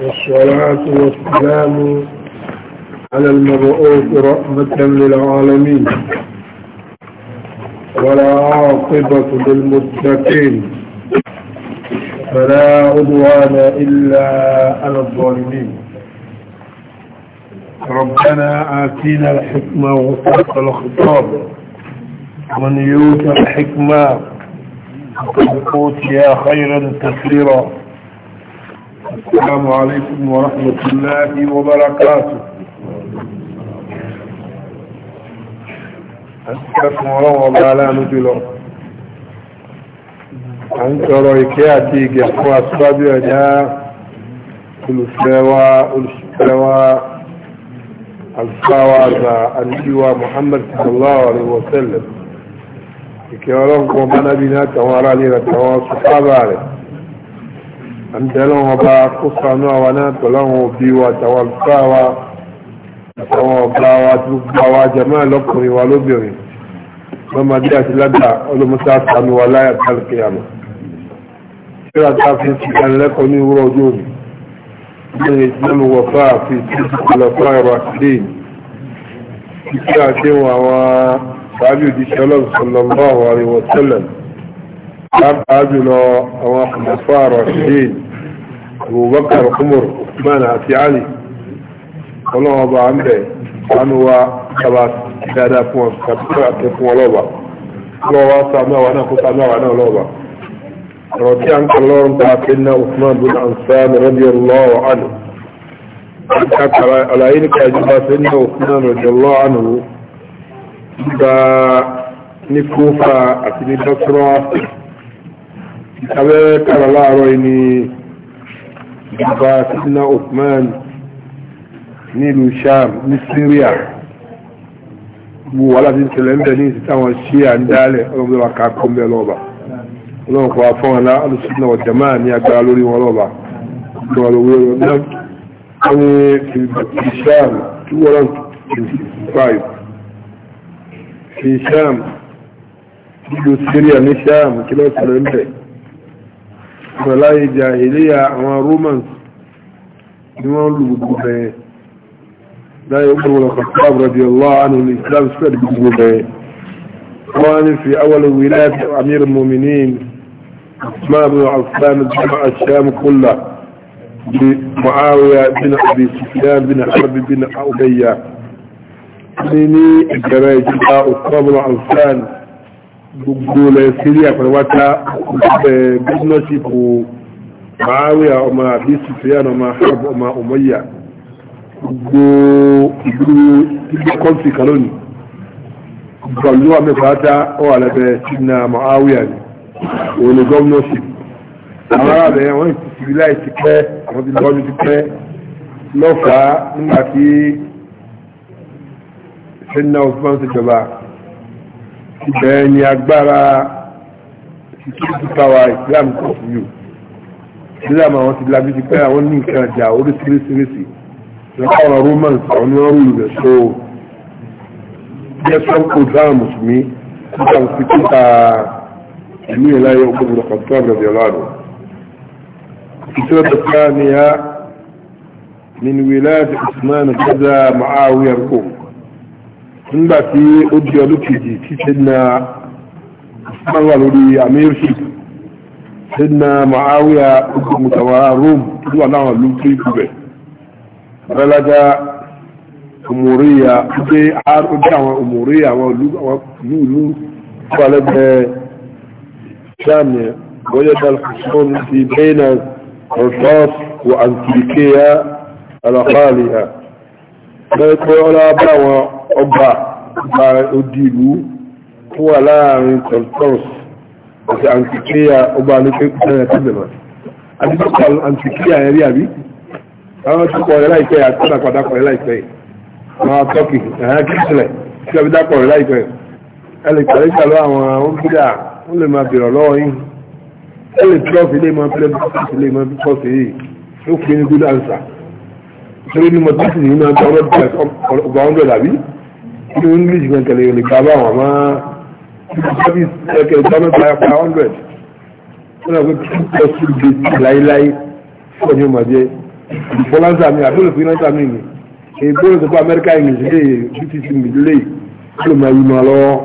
والصلاة والسلام على المبعوث رحمة للعالمين ولا عاقبة للمتقين فلا عدوان إلا على الظالمين ربنا آتينا الحكمة وفق الخطاب من يوت الحكمة فقد خيرا كثيرا السلام عليكم ورحمة الله وبركاته أنكركم روى بعلا نجلو أنكروا إكياتي قفوا أسباب يجاء كل سوا السوا السوا النبي محمد صلى الله عليه وسلم توارى لنا توارى صحابة عليه àǹdẹ́lọ́ wọn bá sanu sanú àwa náà o òbí wa àtàwọn àlùfà wa àtàwọn ọ̀gá wa àti gbogbo àwa jàmáà lọ́kùnrin wa lóbìnrin lọ́mọdé àti ládàá ọlọ́mọsá sanú wa láyà tálùkì àmọ́ kíra tá a fi ń fi ìdánilẹ́kọ̀ọ́ ní ìwúrọ̀ ọjọ́ òní ní ìdánilẹ́nu wọ̀fà àfi ìtìlẹ̀fà ẹ̀rọ àtìlẹ́yìn kíkí àdéhùn àwọn sáájú òjíṣẹ́ ọlọ́run sallallahu alaihi àríwọ̀ tẹ́lẹ̀ pàápàá jùlọ àwọn àkùnfà rọ̀ṣìdìn abubakar umar usman àti ali ọlọ́wọ́ bá ń bẹ̀ sánú wa kaba dáadáa fún wọn kàbíkọ́ àti fún ọlọ́ba ọlọ́wọ́ sánú àwọn náà kó sánú àwọn náà ọlọ́ba ọ̀rọ̀ tí a ń kọ́ lọ́rùn ta fi ń ná usman bin ansan radiyallahu anhu àlàyé nípa ìjọba fi ń ná usman radiyallahu anhu gba ní kófà àti ní dọ́kítọ́rọ́ abẹ́ kàrà láàárọ̀ ni ìjọba sidna Uthman nílùú Sham ní Syria gbogbo wàhálà tí ń tẹ̀lé ń bẹ̀ ní ìsìtá wọn ṣí à ń dálẹ̀ ọlọ́mọdé wa kà á kọ́ mbẹ́ lọ́ba ọlọ́run kò wá fún wọn náà alùsùn náà ní agbára lórí wọn lọ́ba ọdún wa lówó lọ́wọ́ náà wọ́n ní Sham two hundred twenty five fi Sham nílùú Syria ní Sham kí lọ́ọ́ tẹ̀lé بلاي جاهلية أما رومان يمان لبقوا لا يقول الخطاب رضي الله عنه الإسلام سكر بقوا في أول ولاية أمير المؤمنين ما بن عثمان جمع الشام كله بمعاوية بن أبي سفيان بن حرب بن أبي بن الجراج جاء الطابل عثمان gbogbo nàìjíríà pẹ̀lú wáta bísínọ́sìpù Muawiya ọmọ àbí Sufyan ọmọ Harb ọmọ Umayya gbogbo ìlú ìlú kọ́ńtì kan lónìí pẹ̀lú àmì pàtà ọwà lẹ́bẹ̀ sínú Muawiya ni òun ni gọ́ọ̀nọ́sìpù àwọn aráàlẹ̀ wọ́n ti fi láì ti pẹ́ àwọn ti lọ́jọ́ ti pẹ́ lọ́fàá nígbà tí sẹ́ńdà Usman ti jọba bẹ́ẹ̀ ni agbára ìtúkútàwà islam kọ̀ fún yóò islam àwọn ti labi ti pẹ́ àwọn ní nǹkan àjà oríṣiríṣiríṣi lọ́kọ̀ọ̀rọ̀ romans àwọn ní wọ́n rú rẹ̀ so jẹ́sọ́n kò dáhùn mùsùlùmí nípa òsì kíta ẹ̀mí ìláyé ọgbọ̀n lọ́kọ̀tọ́ àbẹ̀rẹ̀ ọlọ́run الفكرة الثانية من ولاية عثمان كذا معاوية الكوفة nígbà tí ó di ọdún kejì tí sẹ́dínà Usman wà lórí amirship sẹ́dínà Muawiya ogun mutawara Rome tó wà láwọn ìlú tó ikú bẹ̀ rẹ́lájá òmùríyà ó dé àwọn òmùríyà àwọn ìlú ìlú tó wà lẹ́gbẹ̀ẹ́ sáàmì وجد الحصون في بين عطاس وأنتيكية على خالها لا يقول على بوا ọba ọba odi ìlú tó wà láàrin constance àti antikia ọba alẹ́kẹ́ ìpínlẹ̀ tẹ́lẹ̀mà adúgbò antikia yẹn rí àbí àwọn tó kọ̀ ọ̀rẹ́ láìpẹ́ àti tọ́nà padà kọ̀ ọ̀rẹ́ láìpẹ́ àwọn tọ́kì ẹ̀hán kírísìlẹ̀ tí a fi dákọ̀ ọ̀rẹ́ láìpẹ́ ẹ lè pẹ̀lẹ́ pẹ̀lú àwọn oúnjẹ ó lè máa bèrè lọ́wọ́ yín ẹ lè trọ́ọ̀fì lè máa pẹ́lẹ́ bọ́ọ̀sì lè máa bọ́ọ̀sì yìí ó fi ní good answer torí ní mo tẹ́sí ní máa tọ́ ọ̀rọ̀ ọ̀gbà ọ̀gbà ọ̀gbà ọ̀gbà ní english gan kẹlẹ yóò lè gba bá wọn máa service kẹkẹ dáná pa pa hundred wọn náà pé two plus two days láéláé fún ọyún màjẹ ìfọlánsá mi àbúrò fún inánsá mi ni èbúrò tó pa amẹ́ríkà english lè british english lè ló máa yí máa lọ́wọ́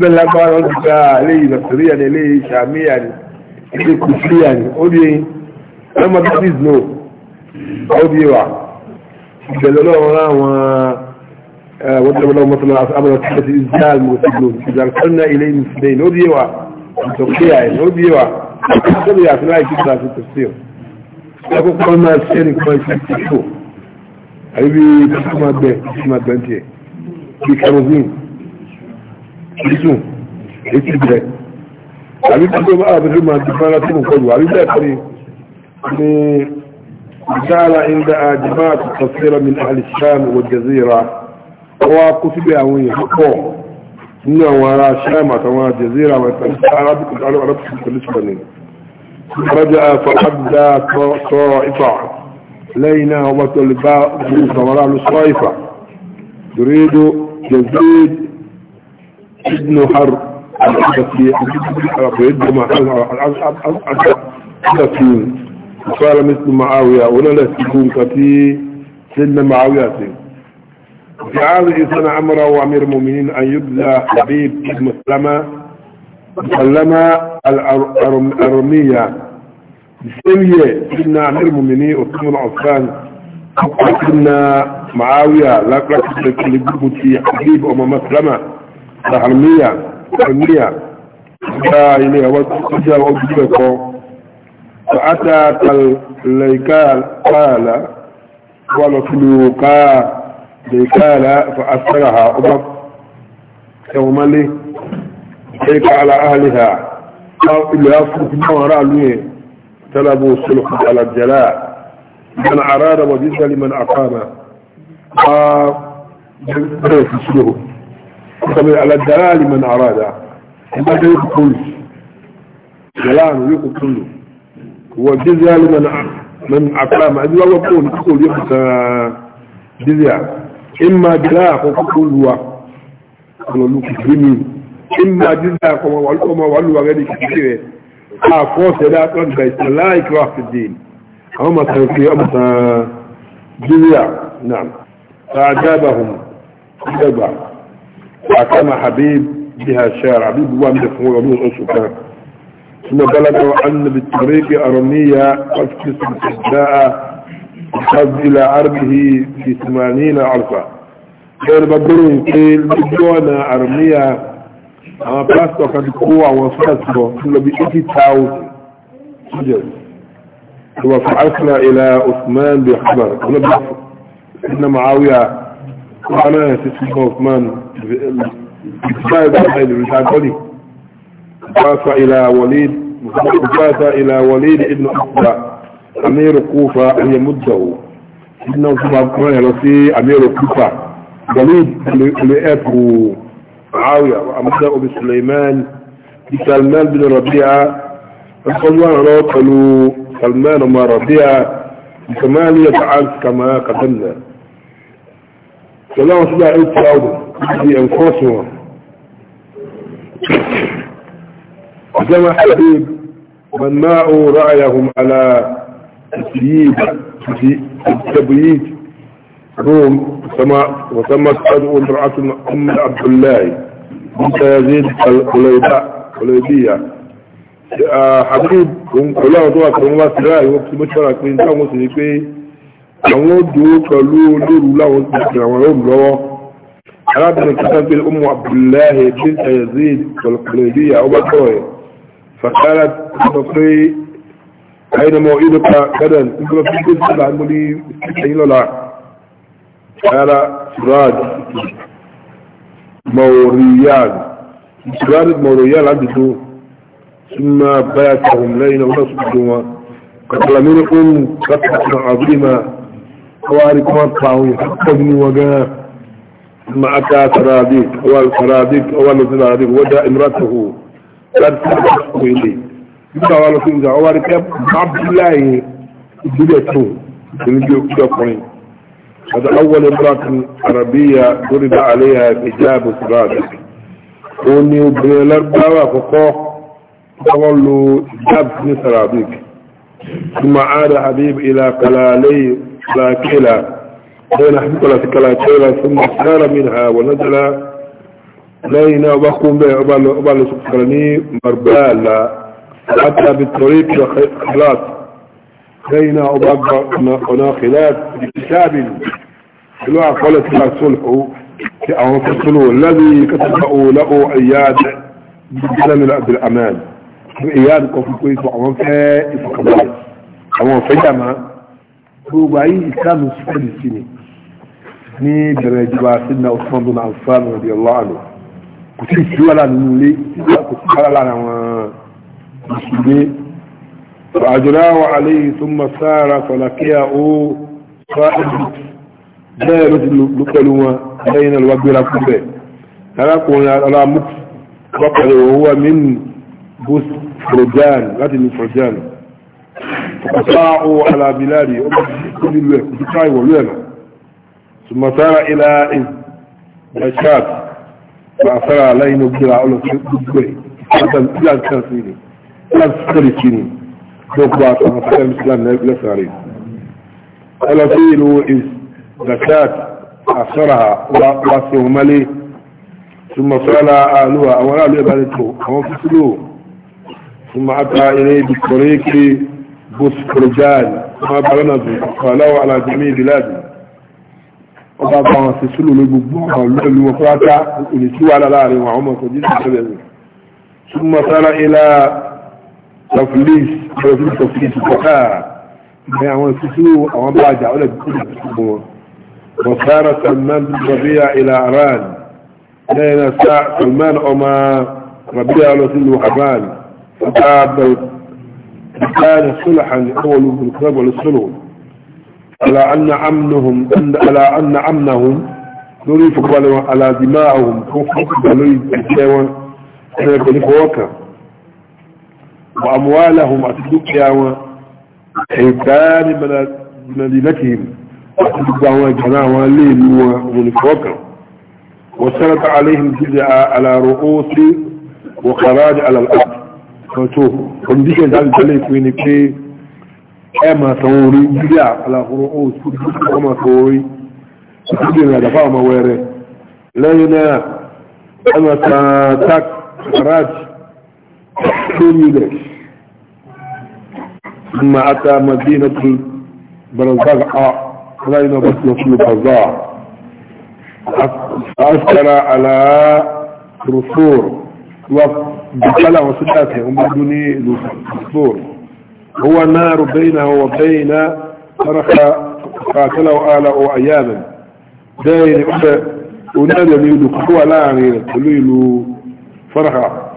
bẹ́ẹ̀ lágbára wọn ti gba eléyìí nàìjíríà ni eléyìí sàmíyà ni eléyìí kùsùlíyà ni ó di ẹ̀yìn ọmọdé bíi snow ó di wa ìbẹ̀lẹ̀ lọ́wọ́ láwọn. وضرب لهم مثلا أصحاب الرسالة إذ جاء المرسلون إذا أرسلنا إليهم اثنين أوديوا أنتوقيا أوديوا أحسن يا أثناء كتاب في التفسير يقول قال ما السيرك ما يشوف أبي تسمى به تسمى بنتي في كاروزين يسون يتبرك أبي تسمى بقى بدل ما تفعل تسمى قدوة أبي تسمى يعني جعل عند جماعة التفسير من أهل الشام والجزيرة wọ́n á kó síbẹ̀ àwọn èèyàn pọ̀ nínú àwọn ará sham àtàwọn àjẹzíra àwọn ìtàn arábìkù tàbí arábìkù pẹ̀lú ṣùgbọ́n rọ́jà fọ́nàdà sọ̀rọ̀ ifá lẹ́yìn náà wọ́n tó lè bá gbogbo sọ̀rọ̀ lọ sọ̀rọ̀ ifá doredo jazid ibn har al-abasi al-abasi al-abasi قال مثل معاوية ولا لا تكون كثير سيدنا معاوية سيدنا في هذه السنة أمره أمير المؤمنين أن يبلى حبيب مسلمة مسلمة الأرمية بسمية إن أمير المؤمنين أسلم العصفان أقلنا معاوية لكن لجبتي حبيب أم مسلمة الأرمية الأرمية إليها وجاء وأجبكم فأتى الليكال قال ولكلوكا بكال فأسرها أبط يوم لي بك على أهلها أو إلا أصلت ما وراء له تلبوا السلح على الجلاء من أراد وجزة لمن أقام فبرف السلح فمن على الجلاء لمن أراد ما يقول كل جلاء يقول كل وجزة لمن من أقام أجل الله يقول يقول يقول جزء إما جلاء وقبول هو ولوك إما جزاء وما وعلوا غيري كثيرة آه، فأفوس لا تنبيت لا إكراه في الدين هم تنفي أمس جزاء نعم فأعجابهم جزاء فأكام حبيب بها الشارع حبيب هو من فهو ثم بلغوا أن بالطريق أرمية قد كسب حد إلى عربه في ثمانين عرفة غير بدرون قيل بدون عرمية أما بلاستو كان قوة وفاسبو كل بإيكي تاوت سجل وفعلنا إلى عثمان بخبر إن معاوية وأنا تسمى عثمان بسائد أحد بسائد فاس إلى وليد فاس إلى وليد ابن أخبر أمير كوفة هي يمده إنه سبحانه يلسي أمير كوفة دليل لأبو أبو معاوية وأمده بسليمان بسلمان بن ربيعة فقالوا أنا قالوا سلمان وما ربيعة ثمانية يتعال كما قدمنا سلام سبحانه يتعود في أنفسهم وجمع حبيب من ماء رأيهم على التبييد في التبييد روم وسمى وسمى سعد امرأة أم عبد الله بنت يزيد الخليبة خليبية حبيب كن كل ما توقع كن ما سرى يوم سمع شرع كن كم سيكوي كم دو كلو لو لا وسمع كن لو أراد أن يكتب الأم عبد الله بنت يزيد الخليبية أو بطوي فقالت تقي أين موعدك غدا يقول في كل سبع المولي مستحيل ولا قال سراج موريان سراج عندي تو ثم باتهم ليلا ونصبهم قتل منكم قتلة عظيمة خواركم الطاوية حقهم وقا ثم أتى سراديك أول سراديك أول سراديك ودى امرته قد تبقى إليه nígbà wà lọ́sùn ìjà ọwọ́ àríkẹ́ abdullahi ìbílẹ̀ tó ìdílé ọkùnrin àti awọlé bratun arabiya lórí bá àléyà ìjáàbù sùràdì ó ní obìnrin lárúbáwá àkọ́kọ́ tọ́wọ́ lo ìjáàbù ní sàràbík ثم عاد حبيب إلى كلالي كلاكيلا بين حبيبنا في كلاكيلا ثم سار منها ونزل لينا وبقوم به أبال سكرني مربالا حتى بالطريق خلاص بين أبقى وناخلات بكتاب الوعى قالت لها صلحه أو فصله الذي كتبه له أياد بالجلم بالأمان إياد كفي كويس وعوان فائف قبائل عوان فجمع ربعي إسلام سفر السنة ni bẹ̀rẹ̀ ìjọba sínú Usman bin Affan radiyallahu anhu kò sí ìsíwọ́lá nínú ilé kò sí ìsíwọ́lá lára wọn فأجراه عليه ثم سار فلقيه صائب دائرة لقلوة بين الوقت الكبير تركوا على مكس وقال وهو من بوس فرجان غادي من فرجان فقطعوا على بلادي كل الوقت بقاي والولا ثم سار إلى إيه؟ بشات فأثر علينا بلا على الكبير حتى الفلسطيني دوكبا صحفة الإسلام لساري الفيل إز زكاة أثرها وأصلهم لي ثم صلى أهلها أولا لإبادته وانفصلوا ثم أتى إليه بالطريق بسكرجان ما بلنزل فلو على جميع بلاده ọba bá wọn ṣe sílò ló gbogbo àwọn olóòlù wọn fúráká olùsíwà láàrin àwọn ọmọ ìkọjú ìṣẹ́lẹ̀ rẹ̀ súnmọ́ sára ilá تفليس تفليس تفليس الفقهاء ما يعمل يعني كسو أو ما بعد أولى بكل الأمور وصار سلمان بن ربيع إلى أران لأن سلمان أما ربيع رسول وحبان فتعب كان صلحا أول بالكتاب والصلح على أن عمنهم على أن عمنهم نريد على دماءهم كفر بلوي الجوان أنا بني فوكا وأموالهم أتدقيا وحيتان من مدينتهم أتدقيا وجناع والليل ونفوكا وسلط عليهم جزء على رؤوس وقراج على الأرض فتوه كونديشن ذلك عليك وينكي أما ثوري جزء على رؤوس كما ثوري سيدنا دفاع ما ويره لينا أما تاك قراج كوميلك ثم أتى مدينة برزقع رأينا بطل في البزاع فأسكر على رسول وقال وسلاته هم بدوني رسول هو نار بينه وبين فرخ قاتله آلاء أياما داير ونال اليد قوة لا يعني تليل فرحة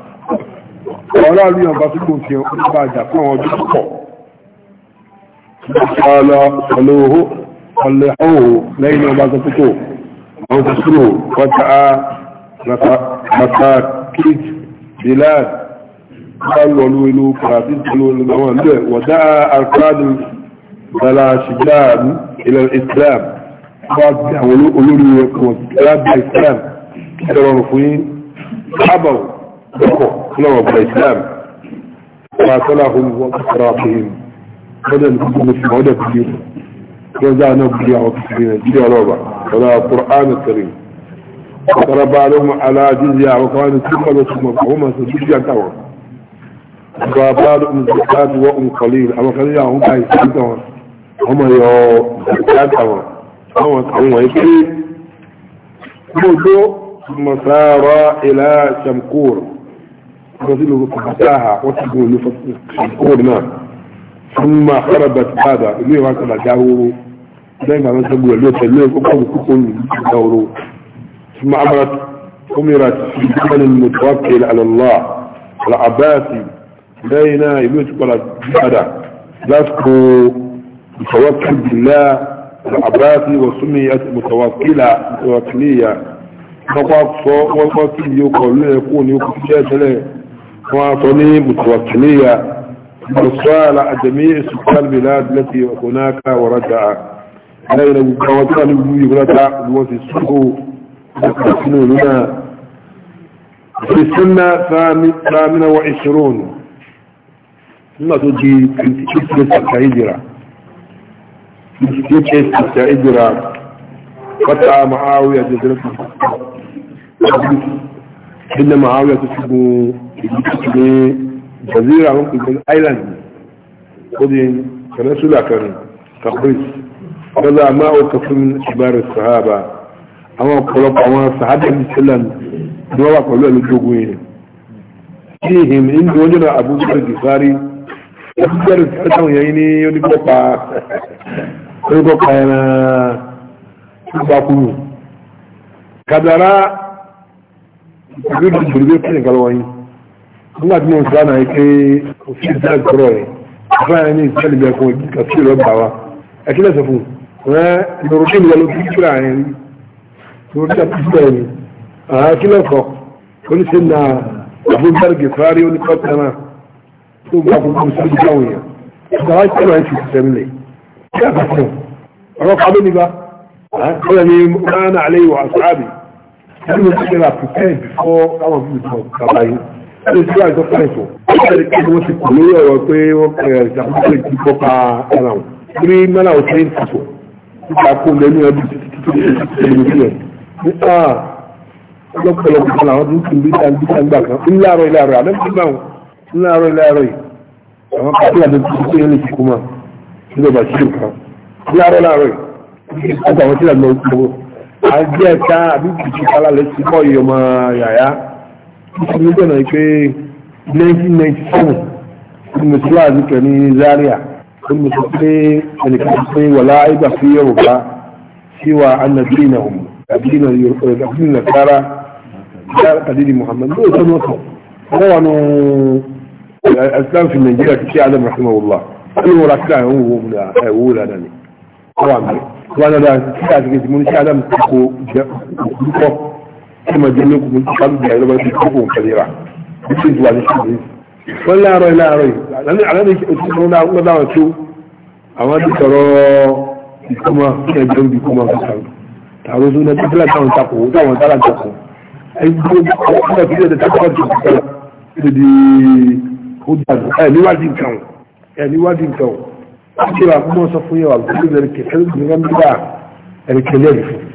ولا اليوم بطلون في أربع جاكوان وبيسقوا قال صلوه صلحوه لين ما تتكو أو تسروه فتعى مساكيت بلاد قال ولولو كراتيس قالوا الأمان ودعا أركاد البلاشجان إلى الإسلام قال ولولو الولو والإسلام الإسلام كثيرا رفوين حبوا لكم لما بالإسلام قاتلهم وقراتهم ولا المسلم ولا كثير وزعنا بليع وكثيرين بليع ربع ولا القرآن الكريم وقرب لهم على جزية وقال ثم ثم وهم سجدية كوا وقرب لهم زكاة وأم قليل أما قليل هم عايزين سجدة هم يو زكاة كوا هم هم ثم سار إلى شمكور رسول الله فتاها وتقول شمكور نعم ثم خربت هذا اللي هو كما داورو دائما ما تقول له تلوه وقوم كل داورو ثم أمرت أمرت بمن المتوكل على الله العباسي لينا يموت ولا هذا لا تكو متوكل بالله العباسي وسميت متوكلة متوكلية فقط وقت يقول يكون يقول شيء له متوكلية وصالع جميع سكان البلاد التي هناك ورجع علينا بكواتنا نبوي غلطة وفي السوق وقسنوا لنا في السنة ثامنة وعشرون ثم تجي في تسلسة هجرة تسلسة هجرة فتح معاوية جزرة إن معاوية تسلسة jazira wọn kò gbé island ó di peninsula kan Tabriz lọ́la àmà òkè fún ìbára sàhábà àwọn ọ̀pọ̀lọpọ̀ àwọn sàhábà ní sílẹ̀ ni wọ́n wà pẹ̀lú ẹ̀lú jogun yìí kí ìhìn ní wọ́n jẹ́ náà Abubakar Gifari ẹ̀kú bẹ̀rẹ̀ sí ẹ̀tàwọn yẹn ní onígbọ́pa onígbọ́pa ẹ̀rọ ìgbàkúrú kàdàrà ìgbàkúrú ìgbàlọ́wọ́ yìí nígbà tí mo sọ àná yìí pé òfin ìdá ìgbọ́rọ̀ rẹ̀ àbá yẹn ní ìtẹ́lẹ̀ bí ẹkùn ìdíkà sí ìlú ọgbà wa ẹkí lẹ́sẹ̀ fún rẹ̀ lòròdì ìlú ẹlòmí kíkìrà yẹn lòròdì àtúntò yẹn àá kí lẹ́kọ̀ọ́ oníṣẹ́ na àbúgbàrúgẹ̀ fúrárí oníkọ́tà náà tó gba gbogbo sójú káwọn yẹn ìgbà wáyé tẹ́lẹ̀ wáyé ti sẹ́mi lẹ̀ kí àkàtọ̀ ọ̀rọ̀ ẹni tí wọ́n àjọ pàìsọ̀ ẹni tí wọ́n ti kù lórí ọ̀rọ̀ pé wọ́n pẹ̀lú ìṣàkóso ti kọ́ pa ara wọn ní mẹ́lá òṣèré ìtàkùn nípa kó lẹ́nu ẹbí títí ah! lọ́pọ̀lọpọ̀ kan àwọn tó ń tún bí tàbí tàgbà kan ńláàrọ̀ ìlàrọ̀ àdẹ́gbẹ̀gbọ̀n ńláàrọ̀ ìlàrọ̀ àwọn kàtí àdẹ́gbẹ̀gbọ̀n tó yẹn lè fi kúmọ̀ nígbà tí ó kan ńláàrọ̀ ìlàrọ̀ àti àwọn tí àgbà òkú àjẹ́ ẹ̀ka àbí kìkì kálá lẹ́sìn kọ́ ìyọmọ yàyà nítorí ojú ọ̀nà pé 1997 olùmọ̀sílá àzíkẹ̀ ní Zaria olùmọ̀sí pé ẹnìkan pé wàlá ìgbà sí Yorùbá síwá anàbílínà òmù àbílínà Yorùbá kára kàdídì Muhammad lóò tó nọ́tọ̀ wọ́n wà nù Islam fi Nàìjíríà ti ṣe Adam rahimahullah wọ́n ni wọ́n ra kíra àwọn owó múlẹ̀ ẹ̀wọ́ dáadáa ni wọ́n wà mí wọ́n dáadáa kíra àti kejì mú ní ṣe Adam kò jẹ́ òkú kuma jẹlẹ kò tó kàn bí ẹlọba ti kókò kẹlẹra bí ti wà ní sílẹ̀ wọn láàárọ̀ láàárọ̀ yìí aláàbẹ oṣù tó náà wọn dáwọn tó àwọn ti sọ̀rọ̀ ìkọmọ ní ẹgbẹ́ ń bí kọmọ kankan tààrọ tó náà tẹsílẹ táwọn takò táwọn tára takò ẹgbẹ́ ọmọ ìpínlẹ̀ tẹ takò tó kọ tó di ó dàdú ẹ níwájú nǹkan ẹ níwájú nǹkan ó ti rà kó mọ sọ fún yẹ wà lórí ẹrìkẹ ẹrìkẹ lẹ́rìí fún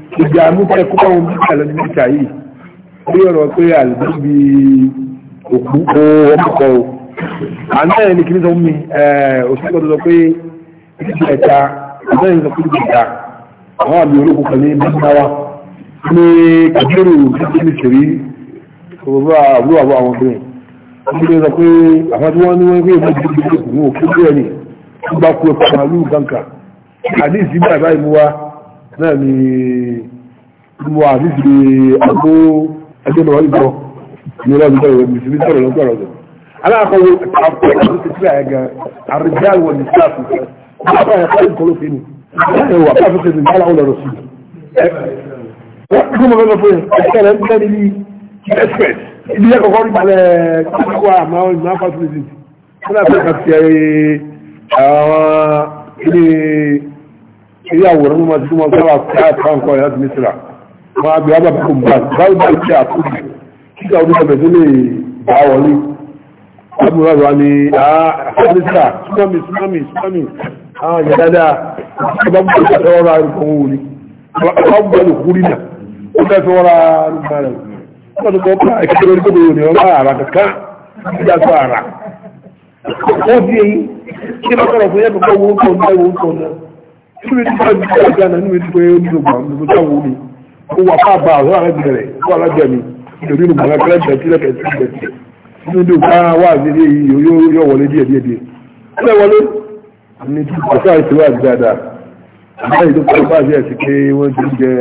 ìdààmú fẹ́ kó báwọn bí kàlẹ́ ní ìta yìí ó yọ̀rọ̀ pé àlùbí bí òkú ó ọmọkọ o àná ẹ̀ ní kí ní sọ mi òṣèlú ọ̀dọ́ sọ pé ìdíje ẹ̀ta àná ẹ̀ ní sọ pé ìdíje ẹ̀ta àwọn àmì ológun kan ní bíbáwá ní kàdúrò títí ní ṣèrí òwúrọ̀ àbúrò àbọ̀ àwọn obìnrin wọ́n ti sọ pé àwọn tí wọ́n ní wọ́n pé ìmọ̀ ìdíje ìdíje òkú ó kéré ẹ̀ ní gbákú ẹ̀kọ́ màálù gbàǹkà àdéhìsí bàbá ìmúwa náà ni mo àti ti àgbo ẹgbẹ́ náà wọ́n gbọ́ ní ọlọ́run tó rẹ̀ mùsùlùmí sọ̀rọ̀ lọ́kọ̀ rẹ̀ aláàkọ̀wé àpẹẹrẹ ti ti àyẹ̀gà àrùjá wọn ní sáà fún fẹ́ bàbá yẹn fẹ́ ìkọlù fún mi ẹ̀wà bàbá fẹ́ ti bàbá ọlọ́rọ̀ sí wọ́n kí mo fẹ́ lọ fún yẹn ẹ̀kẹ́ rẹ̀ ń bẹ́ níbi expert ibi yẹn kọ̀kọ́ rí ilé àwòrán ní wọ́n ti wọ́n sábà fẹ́ àtàkọ́ láti mísìlá wọ́n abẹ́ wọ́n bá fi kò bá báyìí bá ṣe àkókò kíkà ọdún ọbẹ̀ tó lè bá wọlé abúlé wa ni àfẹ́lẹ́sà tsunami tsunami tsunami àwọn ìyá dáadáa ọba mú ọjọ́ fẹ́ wọ́n ra nǹkan owó ni ọba mú ọjọ́ kúrí nà ó fẹ́ fẹ́ wọ́n ra nǹkan rẹ̀ wọ́n ti kọ́ pa ìkẹ́kẹ́ lórí kókò ní ọba àrà kankan ìjà tó àrà wọ́n fi èyí kí lọ́kọ̀ọ̀ fún yẹ́ kọ́kọ́ wọ́n kọ́ níbi tí báyìí ti gbàgbà náà níbi tí pé ó nínú gbà mú táwọn omi ó wà fáà bá àwọn arábìnrin rẹ̀ ó alájà mi nítorí nínú gbàgbà kẹlẹ́bẹ̀ẹ́ tí lẹ́kẹ̀ẹ́ tí lẹ́kẹ̀ẹ́ tí nínú bá wà nílé yìí yóò wọlé díẹ̀ díẹ̀ díẹ̀ ó lẹ́ wọlé ní ti pàṣẹ àìsíwá dáadáa báyìí tó kọ́ báyìí ẹ̀sìn pé wọ́n ti jẹ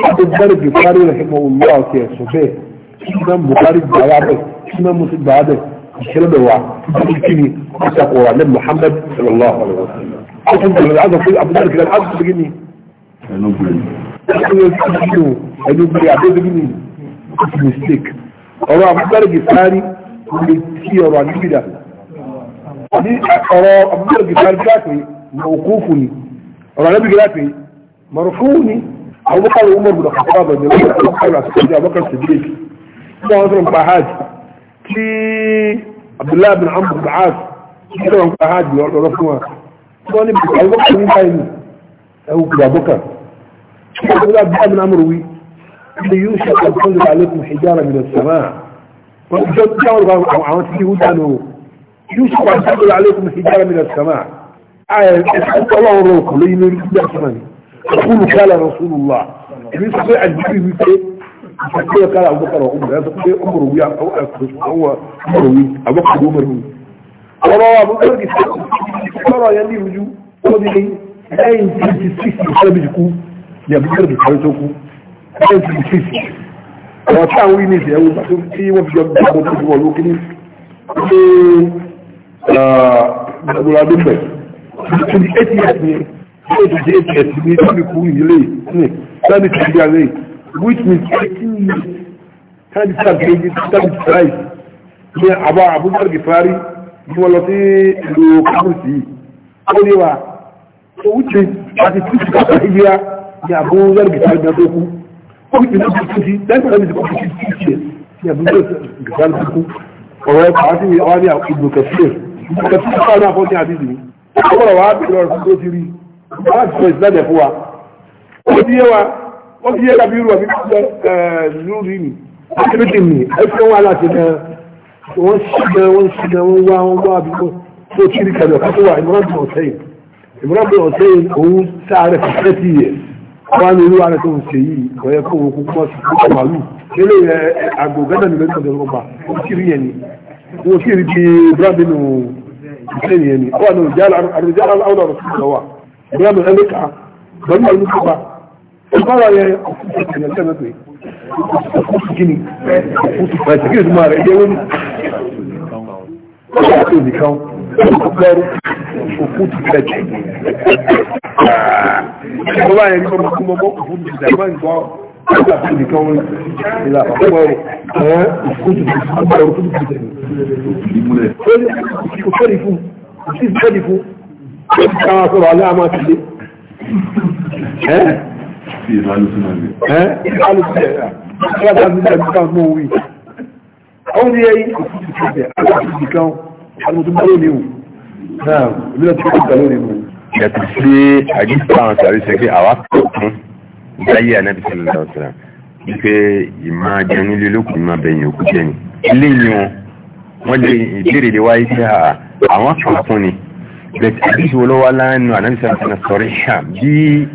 ṣáàtò bẹ́rẹ̀ bí kárí rẹ̀ mọ òun lọ́wọ́ ti ẹ̀sùn bẹ́ẹ̀ kí mọ́ bukari gbà wá bẹ́ẹ̀ kí mọ́ musu gbà wá bẹ́ẹ̀ ìṣẹ́lẹ̀ bẹ̀ عفوا من العذر كل ابو ذلك العذر بجني انا بقول انا بقول عبد بجني مستيك اورا مبرج ساري كل شيء اورا نبدا دي اورا مبرج ساري جاتي موقوفني اورا نبي جاتي مرفوني او قال عمر بن الخطاب ان الله سبحانه وتعالى سيدي ابو بكر الصديق فاضر بحاج في عبد الله بن عمرو بن عاص كده بحاج يقول له رفوا wọ́n ní àwọ́kọ̀ ní báyìí ẹ̀wù kìlọ̀ àbọ́kà ìgbàgbọ́dá bí àmì àmì rúwí ilé yóò ṣe àkọ́kọ́ lè àlékún ìjára mi lọ sàmà wọ́n jọ tí àwọn ọ̀rọ̀ àwọn tí ó dànù yóò ṣe àkọ́kọ́ lè àlékún ìjára mi lọ sàmà ayẹ ẹ̀sìnkú ọlọ́run rọ̀ kọ̀ lóyún lórí ìjà sàmà ni àkúlù kálà rasulùlá èmi sọ pé àjùbí wí pé ìṣàkóyọ kálà àbọ́kà rọ̀ ọmọ rẹ̀ sọ pé ọmọ rọ̀ wí àbọ́kà rọ̀ wí ọmọ wa bú lórí sọ́rọ̀ yẹn ní ìrújú ó ní lẹ́yìn twenty six ìfẹ́bí kú ní àbúrò ìfẹ́bí tó kú lẹ́yìn twenty six ọ̀rọ̀ tí àwọn wíìnì ìṣẹ́ wọn tí wọ́n fi jọ gbogbo tó fi wọ̀ lókè ní ṣe gbogbo adúgbẹ̀ twenty eight years ni ṣé twenty eight years ni tábì kú ìdílé ní tábì tí ìdí àlẹ́ which means eighteen years tábì tí àgbẹ̀ tábì tí láì ní àbá àbúrò ìfẹ́bí bí wọ́n lọ sí ìlú kábùsì ó lé wa owó tí a ti tún sí kápá ìlera ní àbó lẹ́nu gìtá ìgbà tó kú ó ti ní bí tún sí lẹ́nu lẹ́nu gìtá tó kú sí ní àbó lẹ́nu gìtá tó kú ọ̀rọ̀ ẹ̀kọ́ àti ọwá ní ìgbò kẹfíẹ̀ kẹfíẹ̀ fún àwọn afọ́ wọ́n sì gan wọ́n sì gan wọ́n wá wọ́n wá àbí tó kí ní kàdọ̀ kátó wà Imran bin Hussein Imran bin Hussein òun sáré for thirty years wọ́n á ní irú ààrẹ tó ń ṣe yìí ọ̀yẹ́ kó wọn kó kọ́ sí kó màlú nílé àgbò gánà ní mẹ́tọ́ ìjọba ọba ó sì rí yẹn ni wọ́n sì rí bí Imran bin yẹn ni ọwọ́ gini oṣù pẹ̀sì kí ìtumọ̀ rẹ̀ jẹ́ wọ́n oṣù àti òdìkan ọgbọ́rú òkú ti pẹ̀sì ìjọba bá yẹn kọ́ mọ́ mọ́ òkú ti pẹ̀sì àgbà nǹkan ọgbà tó nìkan wọn ìlà ọgbọ́rú ẹ̀ òkú ti pẹ̀sì ọgbọ́rú òkú ti pẹ̀sì òfẹ́rì fún òfẹ́rì fún òfẹ́rì fún sí ìbálòsúnà mi. ẹ́ ìbálòsúnà mi alábàáṣẹ́ ìjọba mọ́ orí àwọn ní ẹ̀yìn òfúrufú ìfẹ́ alábàáṣẹ́ ìkan alùpùpù bá lónìí o náà èmi náà ti kọ́ ìgbà lónìí o. yàtọ̀ sí àgíkàn tàbí sẹ́kẹ́ àwa kò tún gbáyé ànábì sọ̀rọ̀ lọ́wọ́ sọ̀rọ̀ wípé ìmọ̀ ajẹun nílé olókùn ìmọ̀ abẹ́yìn òkú jẹ́ ni ilé ni wọn wọ́n lè ìbéèrè lè wáyé pé àwọn kan fún ni bẹ̀tẹ̀ àdìsí wọlọ́wọ́ láàánú ànábì sọ̀rọ̀ sọ̀rọ̀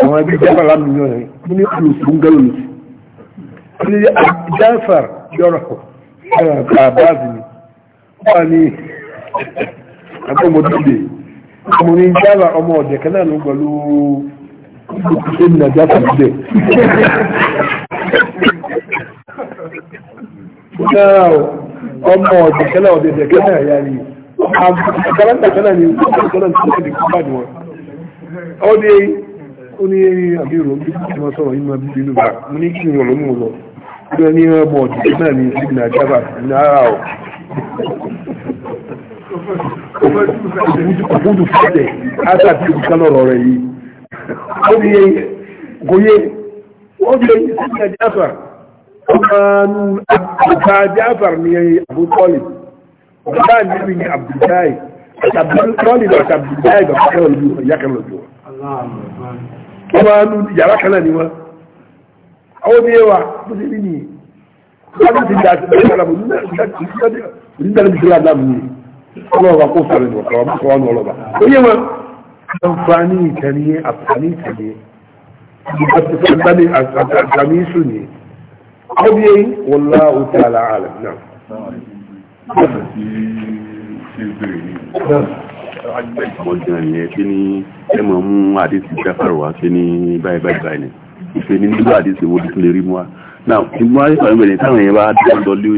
àwọn ẹbí jáfà lámì ní ọ̀rẹ́ mo ní olùsù ń gẹ́rù lùsù ó ní ah, jáfà yọ̀rọ̀ ẹ̀rọ àbáàzì ni wà ní agbọ́mọdúdé ọmọ ní jáfà ọmọ ọ̀dẹ̀ kan náà ló pẹ̀lú olùkùsẹ́ ní àjáfà ah, dúdẹ̀ ọmọ ọ̀dẹ̀ kan náà ọ̀dẹ̀ kan náà yà ni àgbàlagbà kan náà ni ó kọ́ ọ̀dẹ̀ kan náà ti ń bá o de ó ní ẹ̀yìn àbírò bí kí wọ́n sọ̀rọ̀ yìí máa bí bínú bá mo ní kí wọ́n lọ mú lọ bí wọ́n ní ọmọ ọ̀dùnkún náà ní ìlú nàìjíríà náírà ọ̀ òfúdù fẹ́lẹ̀ ásàtì òkúta lọ́rọ̀ rẹ̀ yìí ó ní gòyé ó ní ìsìnkà jáfà ọmọnú àbúkà jáfà ní àbúkọ́lì bàbá níbi ní àbúkáì àtàbùkọ́lì àtàbùkáì bàbá kẹrọ̀lù ìyá kẹrọ̀lù wọ́n máa nu yàrá kan náà ni wọ́n àwọn bí wa bó ṣe rí nìyí wọ́n ti dà sí ẹ̀ka àlàbò onídàá níbi sílá àdàbò nìyí ọlọ́ọ̀bà kó sọ̀rọ̀ ìwọ̀n kọ̀wá mú kọ̀wá ọlọ́ọ̀bà ó yẹ wọn àǹfààní ìkànnì àǹfààní ìkànnì àǹfààní àǹfààní ìṣù ni ó bí wọlá òtí àlà náà wọ́n jẹ́ ìyẹn kí ni ẹ mọ̀ mú àdìsí jáfàrò wá sí ní báyìí báyìí báyìí ni ìfẹ́ ní nígbà àdìsí wo tún lè rí mú wa. now ìmú àdìsí àwọn ìbẹ̀rẹ̀ táwọn yẹn bá dáńdọ̀ lé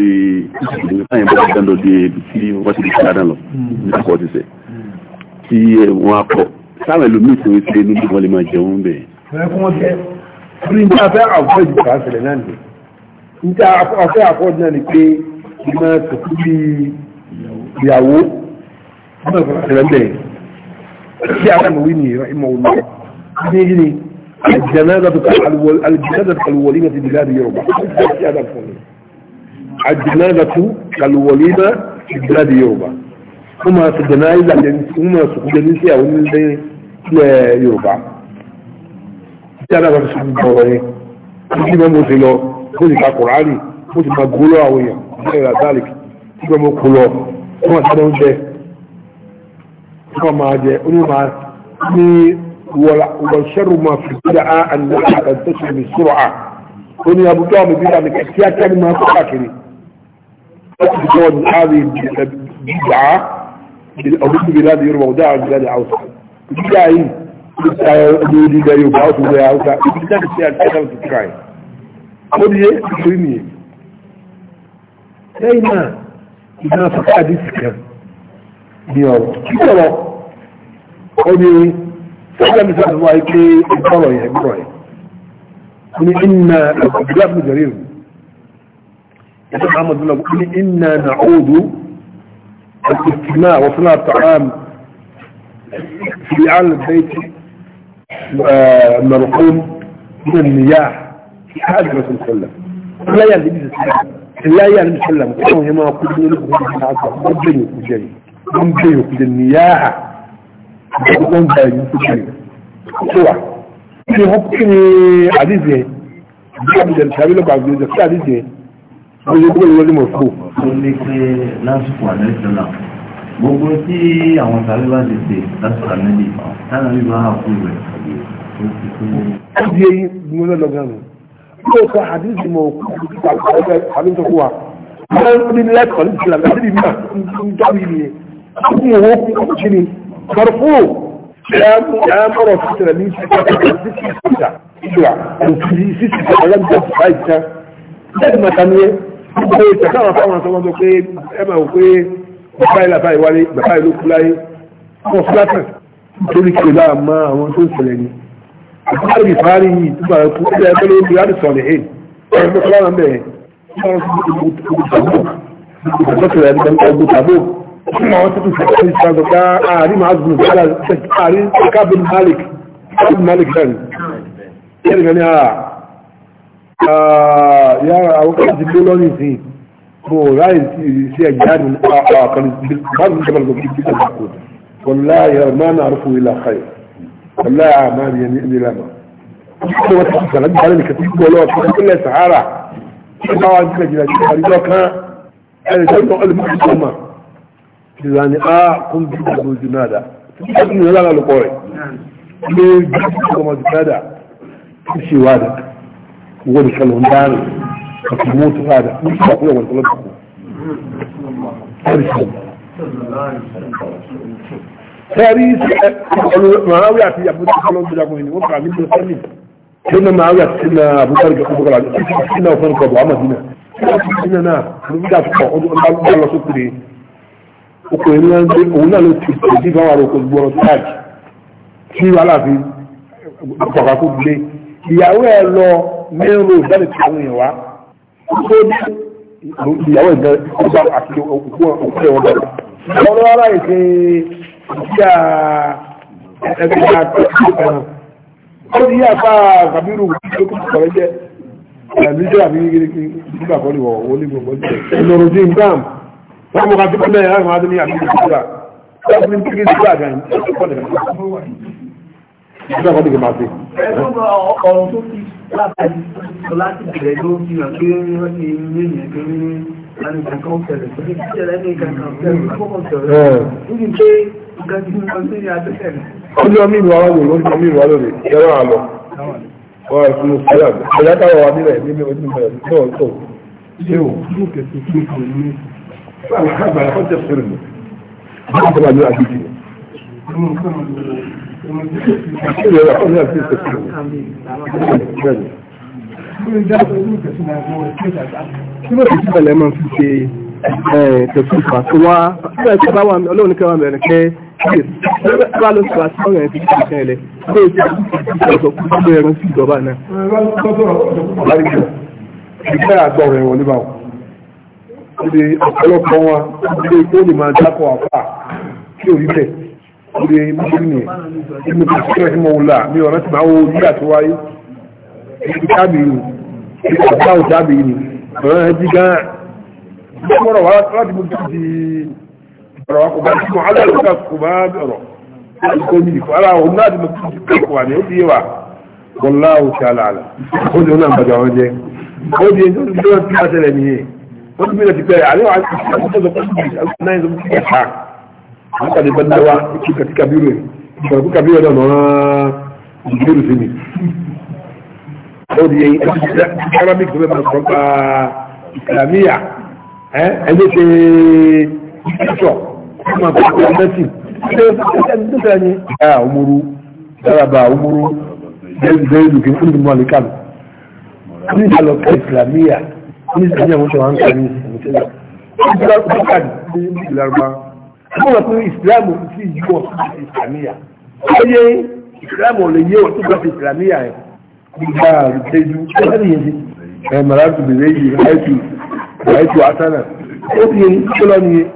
táwọn yẹn bá dáńdọ̀ lé tí wọ́n ti di sáadà lọ nígbà hmm. kọ́ ti sẹ̀ tí wọ́n á kọ́ táwọn ẹlòmíì tí wọ́n ti ní bí wọ́n lè máa jẹun bẹ̀. ìyàwó نظرة إلى الله الشيعة المويني رحمه الله يجري الجنازة الجنازة الوليمة في بلاد يوروبا الجنازة الوليمة في بلاد يوروبا هما في الجنائز هما سقوط النساء ومن يوروبا الجنازة في سقوط الدورين كيف موصلوا كيف قرآني كيف مقولوا أويا غير ذلك كيف مقولوا هما سنوات kuma ma je uni ma ni wala wal sharru ma fi bid'a an la tantashir bi sur'a uni abu to mu هذه بدعة أبوك بلاد يرمى وداع بلاد عوسى بدعي يودي دا يوم عوسى ودا عوسى بدعي الشيء الكذا وتتكاي قل هي تكرمي دايما إذا فقد ní ọ̀rọ̀ kíkọ̀rọ̀ ó ní sọ́jọ́mí sọ́jọ́ wáyé pé ìgbọ́rọ̀ yẹn gbọ́rọ̀ yẹn ó ní iná ìgbàgbọ́ mi jẹ̀rí rù yàtọ̀ Muhammad lọ ó ní iná na ọdún ìsìnà wọ́sánà tààm fi albaiti marhum من المياه في هذا الرسول صلى الله عليه وسلم لا يعني بيزة لا يعني بيزة لا يعني بيزة لا يعني بيزة لا يعني بيزة لا يعني بيزة wọ́n gbé òkúta níyàá wọ́n gba ìlú tó kéré tó wà kí ni wọ́n kí ni àdìsí ẹ̀ bí àbújá tàbí lọ́kọ̀ àbújá jẹ́ kí àdìsí ẹ̀ wọ́n yẹ kúrò lọ́dún mọ̀ fún. ó lé pé lásìkò àdẹ́sọ́là gbogbo tí àwọn tàbí bá ti ṣe lásìkò àdẹ́sọ́là táwọn bí bá kú rẹ̀ ó di eyín ní wọ́n lọ́gàn nù lóòótọ́ àdìsí mọ̀ òkú àbí tó kú wa wọ́n ní lẹ́kọ̀ọ́ ní ìṣẹ̀lẹ̀ àbí اسمه جني مرفوع كلام امر في تلاميذ lẹ́gbẹ̀mọ̀ tani yẹ ṣe ìtẹ̀káwà fáwọn ọ̀sán ọmọdé pé ẹmà ò pé bàbá ilẹ̀ bàbá ìwálé bàbá ìlú kúláyé fún fúlátẹ̀ nítorí kí ìlà àmà àwọn tó ń ṣẹlẹ̀ ni àbúrò ìfàárí yìí tó bàrẹ̀ kú ilẹ̀ ẹgbẹ́ ló ń bí láti sọ̀rọ̀ èyí ọ̀rọ̀ tó fọlá ń bẹ̀rẹ̀ ثم وصف الحديث هذا كعلي معاذ بن على علي كعب بن مالك كعب بن مالك ثاني يعني يعني اه يا وقت اللون في هو راي في اجيال كان كان قبل كده والله ما نعرفه الا خير والله ما بيني الا ما هو تسلم على كتير ولا كل سحاره ما عندنا جلاله كان انا جاي اقول لك ìlànà ààkùn bí ìgbò jùnádà ní ìlànà lọ́pọ̀ rẹ̀ ló bí ọmọ jùnádà tó ṣe wà dà wọ́n kalọ̀ ń dáàrù àti mú tó wà dà ní ìpàkúrò wọn tó lọ́pọ̀ Tẹ́rí Màáwí àti Àbúkọ́ Ọlọ́run Bílágún ni wọ́n kà ní Bílọ́ Sẹ́mì. Tí ó Màáwí àti Sínà Àbúkọ́ Ọlọ́run Bílágún ni wọ́n kà ní Bílọ́ Sẹ́mì. Tí ó Màáwí àti Sínà Àbúkọ́ Ọlọ́run Bílágún ni wọ́n kà ní Bílọ́ Sẹ́mì ọkùnrin náà ń gbé òun náà ló ti tẹ̀sí bá wà lóko gbọ́rọ̀ táàgì tí wàhálà fi pàpàkó gbé ìyàwó ẹ lọ mẹ́rin ló ìdáni tí àwọn èèyàn wá tó dé ìyàwó ìgbà ọba àti òkú ẹ̀ ọba ọ̀rọ̀ ara ìṣe ìṣíà ẹgbẹ́ àti ìṣẹ̀ràn ó ti yá apá kàbírù lókùn sọ̀rọ̀ jẹ́ ẹ̀mí jẹ́ àbí gírígírí nígbà kọ́lé wọ̀ wọlé gbogbo jẹ́ ìlọrọ̀ jim dam wọ́n mọ̀ kàtí pọ́lẹ̀ ẹ̀rọ àwọn adúlé àti ìgbà ọdún tí kìí sígbà gan ìgbà kan dìgbà máa ṣe. ọ̀rọ̀ tó fi látàrí láti bẹ̀rẹ̀ ló fi hàn pé wọ́n ní ilé yẹn pé ní láti kankan ṣẹlẹ̀ pé kí ṣẹlẹ̀ ní kankan ṣẹlẹ̀ kọ́kọ́ ṣẹlẹ̀ níbi pé nǹkan ló ní ọmọ ìlú aráàlú rẹ̀ àlọ́ wọ́n á fi mú sílẹ̀ ẹ̀yà táwọn wà nílẹ̀ níbi ojú ìbẹ̀rẹ̀ tó ń tó ṣé o. فأنا حابة أخذ تفسير له ما أخذ أن يؤدي كده أخذ أخذ أخذ تفسير له Tí wọ́n ti ti bẹ̀rẹ̀ ibi ọ̀pọ̀lọpọ̀ wọn ilé tó lè máa dákọ̀ àfà kí orí bẹ̀ ibi mùsùlùmí nìyẹn inú kò sílẹ̀ sí mọ̀wùlà ní ọ̀rọ̀ tí máa wo nígbà tó wáyé ibi tábìlì ibi àbá ò tábìlì ọ̀rọ̀ ẹ̀ jí gan gbọ́dọ̀ wá láti mú kí di ọ̀rọ̀ wa kò bá láti mú kí di kò wà wọ́n láwùjọ àlàálà ó di ó náà gbàgbà wọn jẹ ó di ẹjọ́ tó ti lọ́wọ́ nìyẹn wọ́n ti bẹ̀rẹ̀ ti pẹ̀rẹ̀ àríwá àti bandawa kíkà tí kabiru ìgbà tí kabiru náà máa ìgbèrú sí ni ó di ẹyìn arabic tó bẹ máa sọ pa islamiyya ẹni ṣe ìṣọ ó máa fi ṣe mẹsìn ṣe ẹni tó sẹ́yìn ìyá òmùrú dáraba òmùrú bẹ́ẹ̀ bẹ́ẹ̀ lùkì fún ìmọ̀ àlìkàlù ní ìjàlọ̀ pẹ̀ islamiyya ní ìdílé àwọn ìṣòwò àǹkà ní ìṣẹ̀lẹ̀ ìṣẹ̀lẹ̀ ìṣẹ̀lẹ̀ ní ìlàrúbá wọ́n wọ́n fún ìsìlámù sí ìyíwọ̀ sí ìsìlámíyà ayé ìsìlámù lè yé wọ́n tó gbà sí ìsìlámíyà ẹ̀ nígbà àrùtẹ́jú ẹ̀rẹ́ yẹn ẹ̀ màláàtù bèrè yìí ráìtù ráìtù àtànà ó ti yẹn tó lọ nìyẹn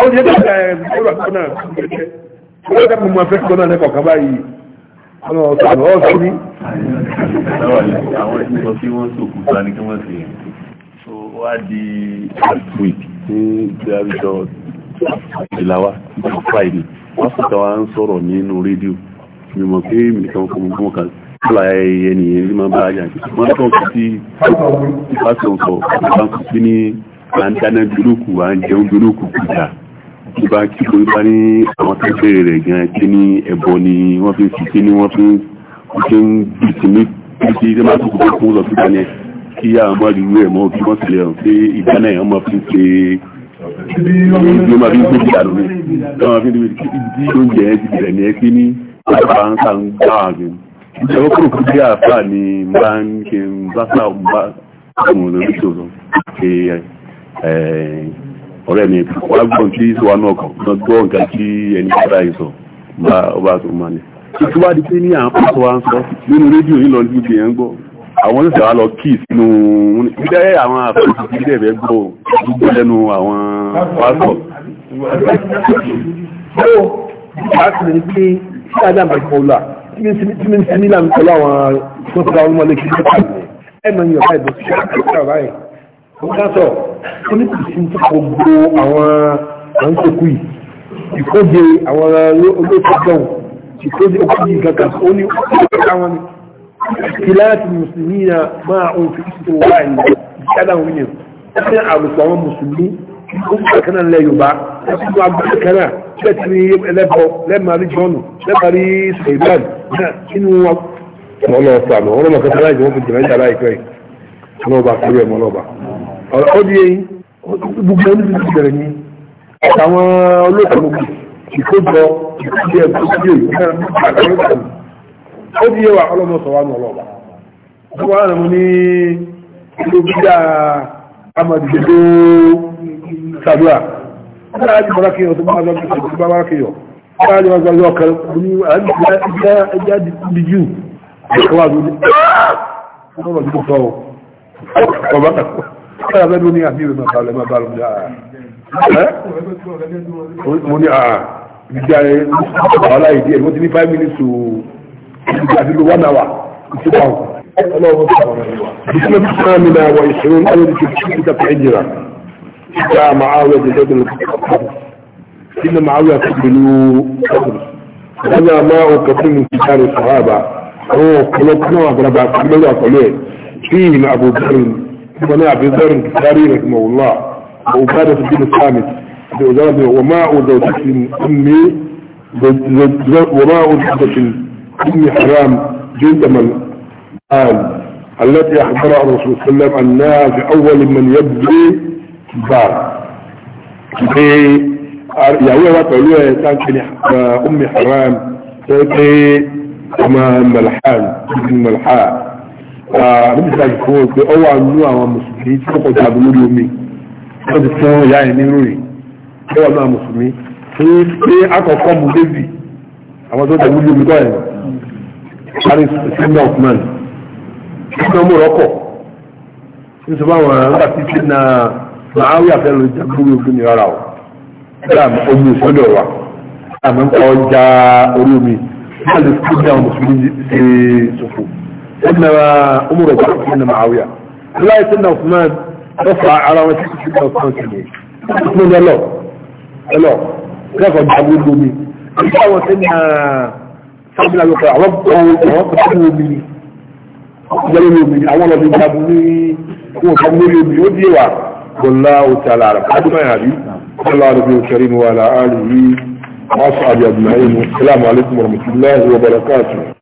ó yẹ kí ẹ̀ bọ́lá kọ́nà ó yẹ kí mo ó wá di last week ní gbàgbọ́ ìlàwà friday wọ́n sì tàwa ń sọ̀rọ̀ nínú rédíò mi mọ̀ pé mi nìkan fún mi fún ọ̀kan kọ́lá ẹyẹ nìyẹn rí máa bá ayà wọ́n tọ́ sí ìfásọ̀n sọ ìfà ń fi ní à ń dáná gbólókù à ń jẹun gbólókù kùjà tí bá kí ló bá ní àwọn tó bẹ̀rẹ̀ rẹ̀ gan kí ní ẹ̀bọ ni wọ́n fi ń fi kí ní wọ́n fi ń fi ń bìtì mí kí ní ṣe máa tó kù bá kú lọ sí ìgbà yẹn kí yá àmọ́ ìlú ẹ̀ mọ́ kí wọ́n sì lè hàn pé ìdáná ẹ̀ ọmọ fi ń ṣe ìlú ọmọ fi ń gbé ìdàlú rẹ̀ ọmọ fi ń gbé ìdí oúnjẹ ẹ̀ ti bẹ̀rẹ̀ ní ẹ pé ní àgbà ń sà ń gbà wà gbé ìjọba kúrò kú bí àfà ni bá ń ṣe ń bá sà ń bá ọmọ lórí ìṣòro ṣe ọ̀rẹ́ mi wá gbọ́n tí ìṣòwò náà kàn náà gbọ́ nǹkan tí ẹni padà yìí sọ ọba tó máa ní. ìtura di pé ní àwọn wa ń sọ nínú rédíò yìí lọ àwọn oníṣẹ́ wa lọ kí sínú ìdẹ́ àwọn àfẹ́sí ti dẹ̀bẹ̀ gbọ́ gbogbo lẹ́nu àwọn pásọ̀. ó láti lè pé sí adam àkọọ́lá tí mi ń sin nílà mi pẹ̀lú àwọn tó ìkóde àwọn olóòtú ọ̀gbọ̀n ìkóde ó yìí kankan ó ní ó kú اختلاف المسلمين ما هم في اسم الله كلام منهم احنا على صوام المسلمين هم كان لا يباع هم عبد كان تتري لبه لما رجعون لما ري سيبان إنه والله صعب والله ما كنت رايد ممكن تبعد علي كويس والله بقى كويس والله بقى ọdí gbogbo ẹni tí bẹ̀rẹ̀ ni àtàwọn olóòtú ìkójọ ìkójọ ẹ̀kọ́ sí èyí náà àtàwọn ó di ẹwà ọlọ́mọ sọ wà ní ọlọ́ọ̀bà wọ́n wà nù ní ìlú bídà amadugbo sadua wọ́n á di bọ́lá kí ọ̀tún bá lọ́kì ọ̀tún bá lọ́kì yọ wọ́n á di bọ́lá kí ọ̀kan ní ẹja dìjú ẹ̀kọ́ wà lórí wọ́n lọ́ọ́ dìbò sọ́wọ́ ọ̀bá kàkọ́ wọ́n yà bẹ́ẹ̀ ló ní àbí ìwé máa bá lọ́ máa bá lọ́ mo ní àà ìdí ààrẹ wàhálà ìdí ẹ̀ mo ti ní five minutes to يجادل ونوى اتباعه بسم إمامنا وعشرون ألف كتيبة في عجرة إلى معاوية بن الخطاب إن معاوية بن قبر هذا ما كثير من كتاب الصحابة هو قلوب نوع بربع كمل وقليل فيهم أبو بكر ومنع بذر كتاري رحمه الله وأبادة بن الخامس وما أوزوجة أمي وما أوزوجة أم حرام جدا من قال التي أخبرها الرسول صلى الله عليه وسلم أنها في أول من يبدو بار في يعني هو تقوله كان كان أم حرام في أما ملحان ابن ملحان نبي صلى الله عليه وسلم أوعى النوع ومسلمين فوق جابلو اليومي فوق السنة يعني نروي أوعى النوع مسلمين في أكو قوم مجدي أما تقول اليومي قوي haris sinna osman sinna morocco n sọ fún àwọn nígbà tí sinna màáwí àfẹlẹ jagunmi òfin yàrá o dáa omi ìsọdọ wa àmọ́ n kọ ja orí omi náà lè fi dáa mùsùlùmí ṣe láì ara wọn sí sábìlà ló pẹ àwọn ọ̀rọ̀ pẹ̀lú omi jẹ́lẹ̀ omi àwọn ọ̀rọ̀ ìjà bú ní fún ọ̀sán lórí omi ó díẹ̀ wà bọ̀lá òtí alára fàájúmọ̀ àrí bọ́lá rẹ̀ bí ó kẹrin wà láàárín yìí wọ́n sọ àjọ àjùmáyé mu sílámù alẹ́kùn mọ̀rọ̀mùsùn láì wọ bọ̀lá káàtó